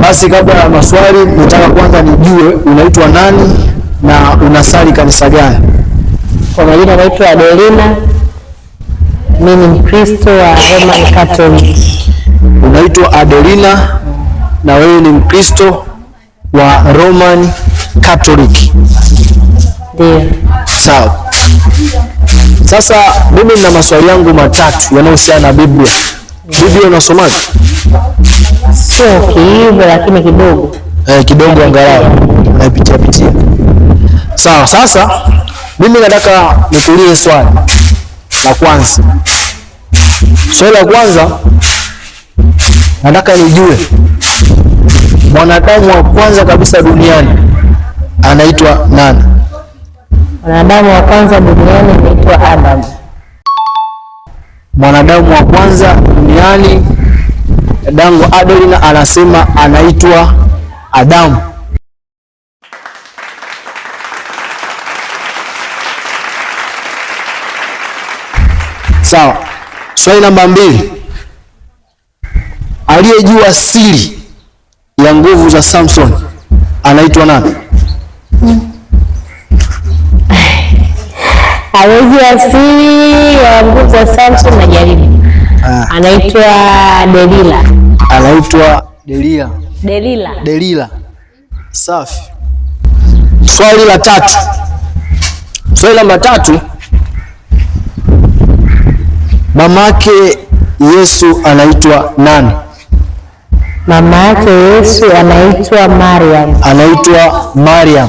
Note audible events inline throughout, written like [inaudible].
Basi kabla ya maswali, nataka kwanza nijue unaitwa nani na unasali kanisa gani? Kwa majina naitwa Adelina, mimi ni Mkristo wa Roman Catholic. Unaitwa Adelina na wewe ni Mkristo wa Roman Catholic? Ndio. Sawa. Sasa mimi nina maswali yangu matatu yanayohusiana na Biblia. Biblia unasomaje? Sio kiiva lakini kidogo. Eh, kidogo angalau naipitia pitia. Sawa, sasa mimi nataka nikuulize swali la kwanza. Swali la kwanza nataka nijue mwanadamu wa kwanza kabisa duniani anaitwa nani? Mwanadamu wa kwanza duniani anaitwa Adam. Mwanadamu wa kwanza duniani dadangu Adelina anasema anaitwa Adamu. Sawa. Swali namba mbili, aliyejua siri ya nguvu za Samson anaitwa nani? Awezi wa nguvu wa Samson na jaribu ah. Anaitwa Delila, anaitwa Delila, Delila, Delila. Safi. Swali la tatu, swali la tatu. Mamake Yesu anaitwa nani? Mama yake Yesu anaitwa Mariam, anaitwa Mariam.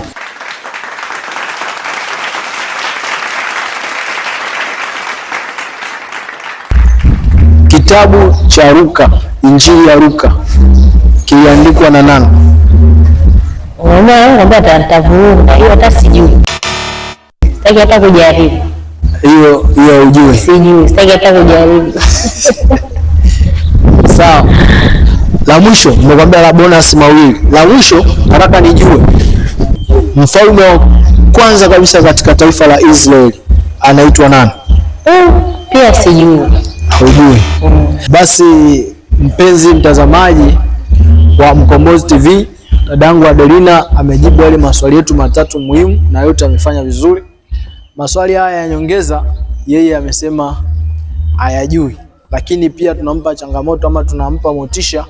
kitabu cha Luka, Injili ya Luka kiliandikwa na nani? Sitaki hata kujaribu. Hiyo hiyo ujue. Sijui, sitaki hata kujaribu. [laughs] Sawa. La mwisho nimekwambia la bonus mawili. La mwisho nataka nijue mfalme wa kwanza kabisa katika taifa la Israeli anaitwa nani? Oh, pia sijui ujue. Basi mpenzi mtazamaji wa Mkombozi TV, dadangu Adelina amejibu yale maswali yetu matatu muhimu na yote amefanya vizuri. Maswali haya ya nyongeza yeye amesema hayajui, lakini pia tunampa changamoto ama tunampa motisha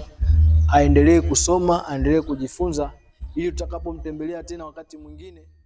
aendelee kusoma, aendelee kujifunza ili tutakapomtembelea tena wakati mwingine